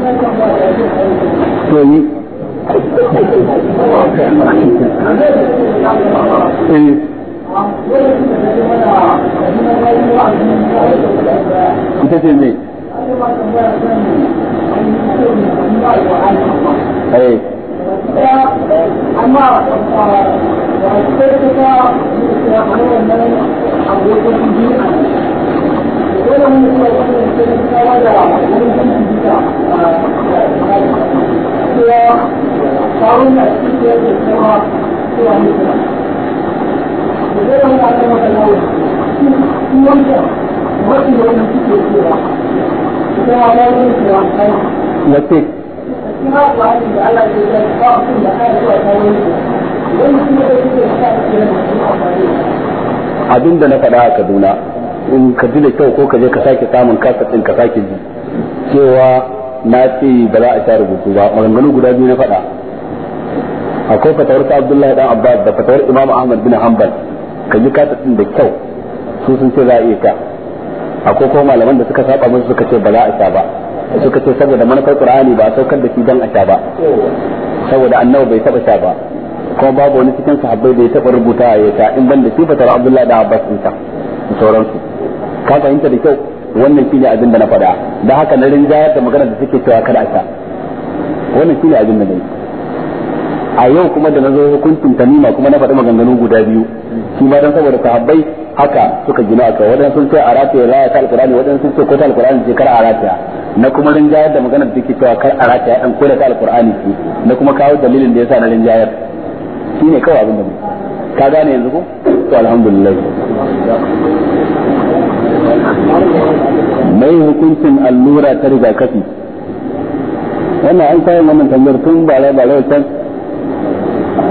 to eh. ita ce mai amma amma Latif. Abin na faɗa a Kaduna in ka ji da kyau ko ka je ka sake samun kasa ka sake ji cewa na ce ba za a sha rubutu ba maganganu guda biyu na faɗa akwai fatawar ta Abdullahi dan Abbas da fatawar Imam Ahmad bin Hanbal ka ji kasa da kyau su sun ce za a iya sha akwai kuma malaman da suka saba musu suka ce ba za a sha ba suka ce saboda manufar Qur'ani ba a saukar da shi dan a sha ba saboda annabi bai taba sha ba kuma babu wani cikin sahabbai da ya taba rubuta ya sha in ban da fatawar Abdullahi da Abbas din ta sauransu ka fahimta da kyau wannan shine abin da na faɗa da haka na rinjayar da magana da suke cewa kada a sha wannan shine abin da nayi a yau kuma da na zo hukuncin tamima kuma na faɗi maganganu guda biyu shi ma dan saboda sahabbai haka suka gina aka wadan sun ce a ya raya ta alkurani wadan sun ce ko ta alkurani ce kar a rataya na kuma rinjayar da magana da suke cewa kar a rataya dan koda ta alkurani ce na kuma kawo dalilin da yasa na rinjayar shine kawai abin da mu ka gane yanzu ko to alhamdulillah yi hukuncin allura ta rigakafi wannan an kayan wannan tambayar tun bara bara can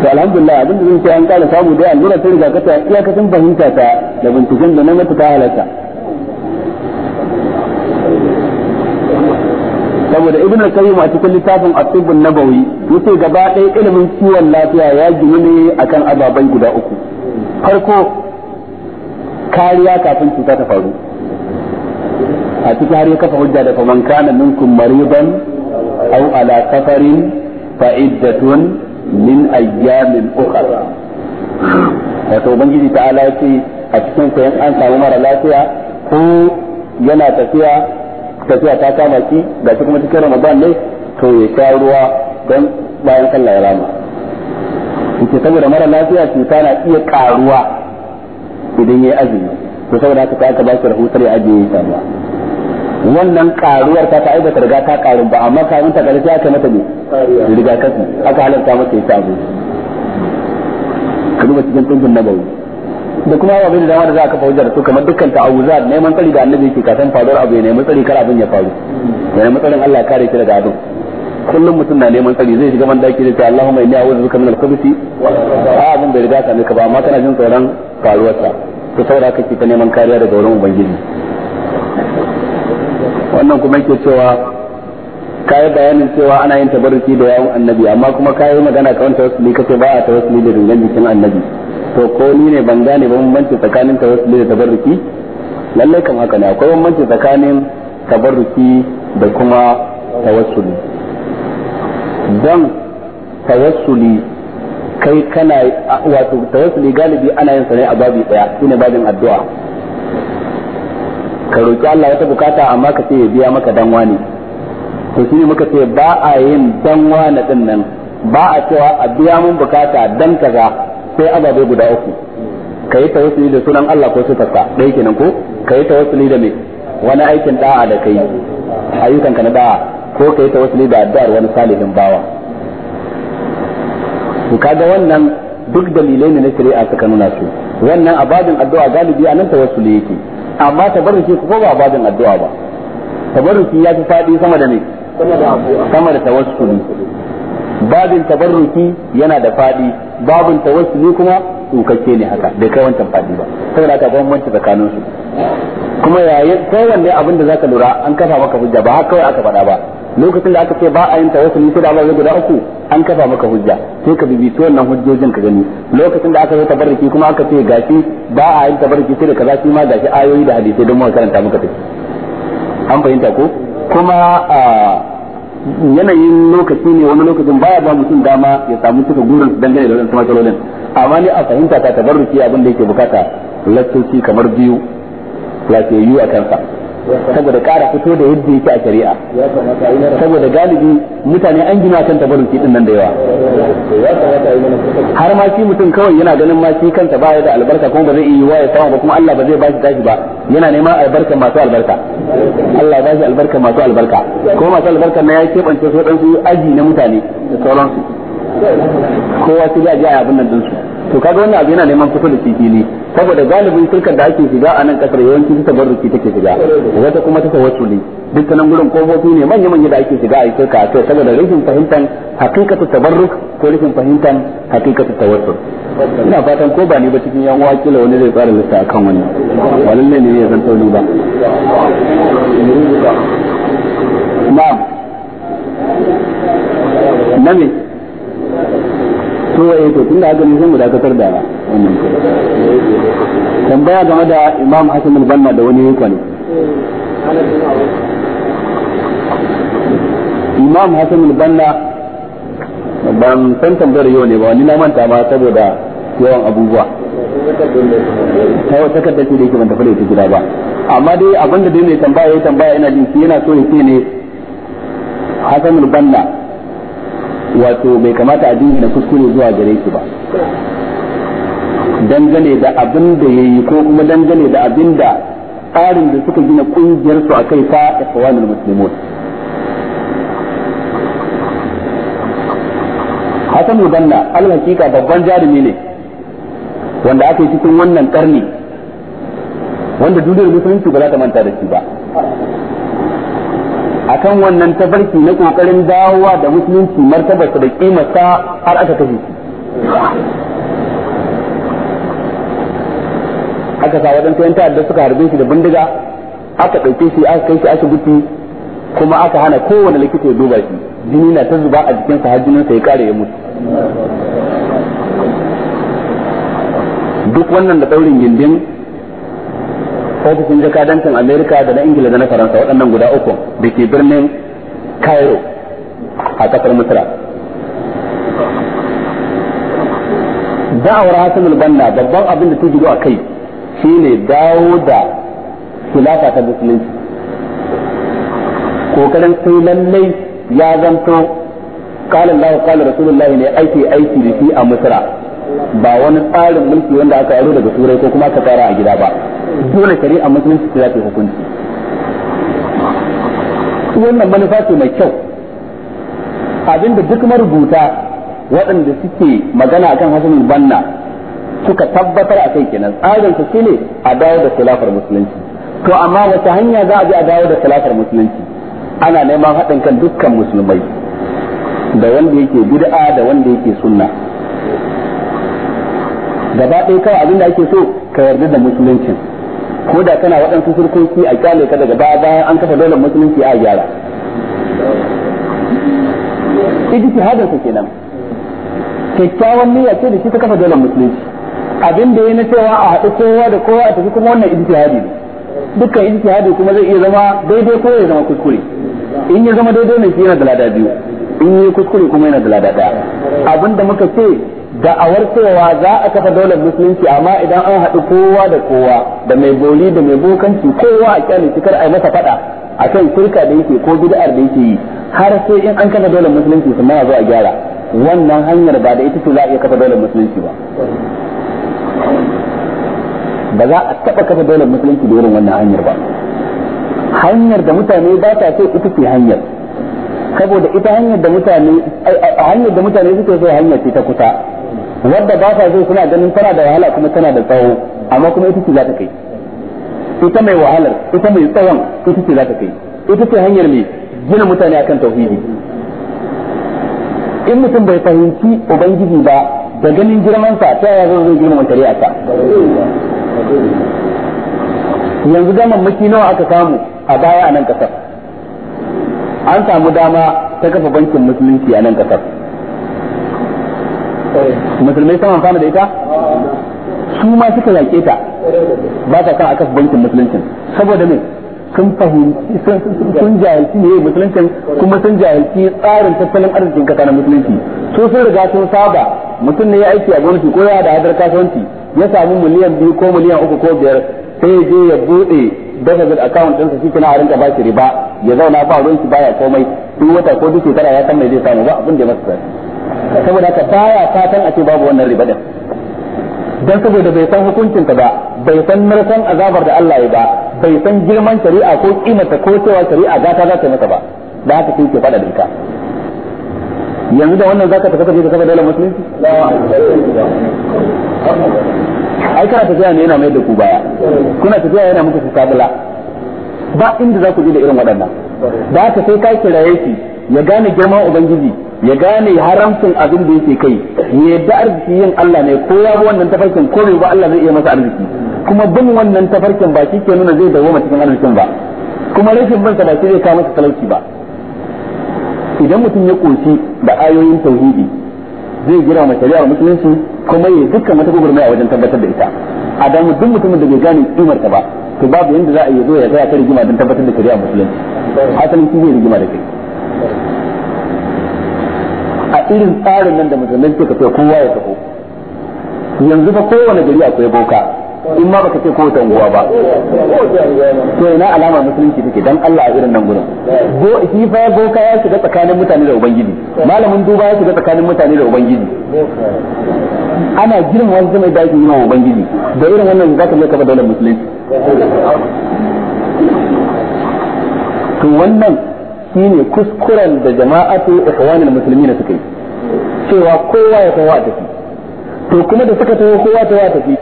to alhamdulillah abin da zan ce an kara samu dai allura ta rigakafi iyakacin fahimta ta da binciken da na mata ta halatta saboda ibn al-qayyim a cikin littafin at-tibbun nabawi yace gaba ɗaya ilimin kiwon lafiya ya gini ne akan ababai guda uku farko kariya kafin cuta ta faru a cikin har kafa hujja da faman kana minkum maridan aw ala safarin fa iddatun min ayyamin ukhra wato ubangiji ta ala a cikin sayan an samu mara lafiya ko yana tafiya tafiya ta kama ki ga kuma cikin ramadan ne to ya sha ruwa don bayan sallah ya rama yake saboda mara lafiya cuta na iya karuwa idan ya yi azumi ko saboda haka ta aka ba shi rahotar ya ajiye ya sha ruwa wannan karuwar ta ta aibata riga ta karu ba amma ka ta karshe aka mata ne riga kasu aka halarta mata ya abu ka duba cikin na nabawi da kuma yawa bin dama da za a kafa hujjar su kamar dukkan ta za a neman tsari da annabi ke kasan faruwar abu ya neman tsari kar abin ya faru ya neman tsarin Allah kare shi daga abin kullum mutum na neman tsari zai shiga man daki zai ce Allahumma inni a'udhu bika min al-khubuthi a abin bai riga ka ba amma kana jin tsoron faruwarsa to saboda kake ta neman kariya daga wurin ubangiji wannan kuma yake cewa kayi bayanin cewa ana yin tabarruki da yawon annabi amma kuma kayi magana kawai tawassuli kace ba a tawassuli da dingan jikin annabi to ko ni ne ban gane bambanci tsakanin tawassuli da tabarruki lallai kam haka ne akwai bambanci tsakanin tabarruki da kuma tawassuli dan tawassuli kai kana wato tawassuli galibi ana yin sa ne a babi daya shine babin addu'a ka roƙi Allah wata bukata amma ka ce ya biya maka dan wani to shine muka ce ba a yin dan wani din nan ba a cewa a biya mun bukata dan kaza sai ababe guda uku kai tawassuli da sunan Allah ko sifarsa dai kenan ko kai tawassuli da me wani aikin da'a da kai ka na da'a ko kai tawassuli da addu'ar wani salihin bawa to kaga wannan duk dalilai ne na shari'a suka nuna su wannan abadin addu'a galibi anan tawassuli yake amma tabarruki ko ba babin addu'a ba tabarruki ya fi fadi sama da ne sama da tawassuli babin tabarruki yana da faɗi babin tawassuli kuma tsukakke ne haka bai kai wancan fadi ba saboda haka bambanci tsakanin su kuma yayin kowanne abin da zaka lura an kafa maka hujja ba haka kawai aka faɗa ba lokacin da aka ce ba a yin tawassuli sai da Allah ya guda uku an kafa maka hujja sai ka bibi to wannan hujjojin ka gani lokacin da aka zo tabarruki kuma aka ce gashi ba a yin tabarruki sai da kaza shi ma gashi ayoyi da hadisi don mu karanta maka take an fahimta ko kuma yanayin lokaci ne wani lokacin baya ba mutum dama ya samu cika gurin dangane da wannan matsalolin amma ni a fahimta ta tabarruki abin da yake bukata lattoci kamar biyu lafiyayyu a kansa saboda kara fito da yadda yake a shari'a saboda galibi mutane an gina kan tabaruki din nan da yawa har ma shi mutum kawai yana ganin ma shi kansa ba ya da albarka kuma ba zai yi wa ya samu ba kuma Allah ba zai bashi tashi ba yana neman albarka masu albarka Allah ba albarka masu albarka kuma masu albarka na ya keɓance su aji na mutane da sauransu kowa su ya jaya abin nan dinsu to kaga wannan abu yana neman fito da fili saboda galibin sulkar da ake shiga a nan kasar yawanci ta tabarruki take shiga wata kuma ta tawassuli dukkanin gurin kofofi ne manya manya da ake shiga a yi sulka a kai saboda rashin fahimtar hakikatu tabarruk ko rashin fahimtar hakikatu tawassul ina fatan ko ba ni ba cikin yan uwa wani zai fara lissa akan wani. walin ne ne ya san tauni ba na'am na me to waye to tunda haka ne sai mu dakatar da wannan tambaya game da Imam hasan bin banna da wani yake ne Imam hasan bin banna ban san tambayar yau ne ba wani na manta ba saboda yawan abubuwa ta wata takardar ce da yake ban tafi da gida ba amma dai abinda dai mai tambaya ya tambaya yana jin yana so ya ce ne hasan bin banna wato bai kamata a na kuskure zuwa gare su ba dangane da abin da ya yi ko kuma dangane da abin da tsarin da suka gina kungiyar su a kai ta ikhwanul muslimun hasan Banna alhakika babban jarumi ne wanda aka yi cikin wannan karni wanda duniyar musulunci ba za ta manta da shi ba akan wannan tabarki na kokarin dawowa da musulunci martabarsa da kimasta har aka tafi. aka sa waɗansu yan ta'adda suka harbe shi da bindiga aka ɗauke shi aka kai shi asibiti kuma aka hana kowane likita ya duba shi jini na ta zuba a jikinsa har jininsa ya kare ya mutu duk wannan da ɗaurin gindin ofishin jakadancin amerika da na ingila da na faransa waɗannan guda uku da ke birnin cairo a kasar misra da'awar hasan al-banna babban abin da ta gido a kai shine dawo da khilafa ta musulunci kokarin sai lallai ya zanto qala Allah qala Rasulullahi ne aiki aiki da shi a musra. ba wani tsarin mulki wanda aka aro daga turai ko kuma aka tsara a gida ba dole shari'a musulunci ta yi hukunci wannan manufa ce mai kyau abinda duk marubuta waɗanda suke magana akan hasan banna suka tabbatar a kai kenan tsarin su shine a dawo da khilafar musulunci to amma wata hanya za a bi a dawo da khilafar musulunci ana neman haɗin kan dukkan musulmai da wanda yake bid'a da wanda yake sunna gaba ɗaya kawai abin da ake so ka yarda da musulunci ko da kana waɗansu surkoki a kyale ka daga baya bayan an kafa dole musulunci a gyara ijtihadin sa kenan kyakkyawan niyya ce da shi ta kafa dole musulunci abin da ya na cewa a haɗu kowa da kowa a tafi kuma wannan ijtihadi ne dukkan hadi kuma zai iya zama daidai ko ya zama kuskure in ya zama daidai ne shi yana da lada biyu in yi kuskure kuma yana da lada ɗaya abinda muka ce da awar cewa za a kafa daular musulunci amma idan an haɗu kowa da kowa da mai boli da mai bokanci kowa a kyale shi kar a masa faɗa akan shirka da yake ko bid'ar da yake yi har sai in an kafa daular musulunci su ma zo a gyara wannan hanyar ba da ita ce za a iya kafa daular musulunci ba ba za a taɓa kafa daular musulunci da irin wannan hanyar ba hanyar da mutane ba ta ce ita ce hanyar saboda ita hanyar da mutane hanyar da mutane suke so hanyar ce ta kusa wadda ba ta zai suna ganin tana da wahala kuma tana da tsawo amma kuma ita ce za ta kai ita mai wahalar ita mai tsawon ita ce za ta kai ita ce hanyar mai gina mutane akan tauhidi in mutum bai fahimci ubangiji ba da ganin girmansa ta yaya zai zo girman a ta yanzu gaman maki nawa aka samu a baya a nan kasar an samu dama ta kafa bankin musulunci a nan kasar musulmai sama amfana da ita su ma suka yaƙe ta ba ta kan akas bankin musuluncin saboda me sun fahimci sun jahilci ne musuluncin kuma sun jahilci tsarin tattalin arzikin kasa na musulunci su sun riga sun saba mutum ne ya aiki a gwamnati ko ya da hadar kasuwanci ya samu miliyan biyu ko miliyan uku ko biyar sai ya je ya bude deposit account ɗinsa shi kina a ba shi riba ya zauna ba ruwan shi baya komai duk wata ko duk shekara ya san mai zai samu ba abin da ya masa saboda haka baya fatan a ce babu wannan riba din dan saboda bai san hukuncin ka ba bai san narkon azabar da Allah ya ba bai san girman shari'a ko kimanta ko cewa shari'a gata za ta maka ba da haka sai ke fada da ita yanzu da wannan zaka tafi kaje ka saba dole musulunci ai kana tafiya ne yana mai da ku baya kuna tafiya yana muku kabila ba inda za ku je da irin waɗannan da haka sai ka kiraye shi ya gane girman ubangiji ya gane haramcin abin da yake kai ya yadda arziki yin Allah ne ko ya bi wannan tafarkin ko bai ba Allah zai iya masa arziki kuma bin wannan tafarkin ba shi ke nuna zai dawoma cikin arzikin ba kuma rashin bin sa ba shi zai kawo masa talauci ba idan mutum ya koshi da ayoyin tauhidi zai gira ma shari'ar musulunci kuma ya dukkan wata gurgurmaya wajen tabbatar da ita a damu duk mutumin da bai gane kimar ta ba to babu yanda za a yi zo ya tsaya ta rigima don tabbatar da shari'ar musulunci hasalin shi zai rigima da kai a irin tsarin nan da musulmai suka ce kowa ya tafi yanzu ba kowane gari akwai boka in ma baka ce kowace unguwa ba to ina alama musulunci take dan Allah a irin nan gurin go shi fa boka ya shiga tsakanin mutane da ubangiji malamin duba ya shiga tsakanin mutane da ubangiji ana girma wani zama da yake yi ubangiji da irin wannan za zaka je kafa daular musulunci to wannan shine kuskuren da jama'atu ikhwani muslimina suka yi cewa kowa ya kowa tafi to kuma da suka tawo kowa ta wata tafi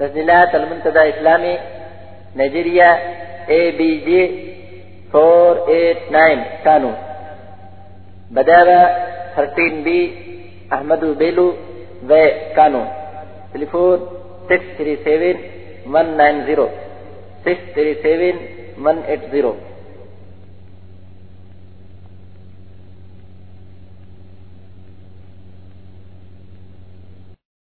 تسجيلات المنتدى islami نيجيريا abj 489 kano badara 13 13B ahmadu belu ve kano telephone 637 190 637 180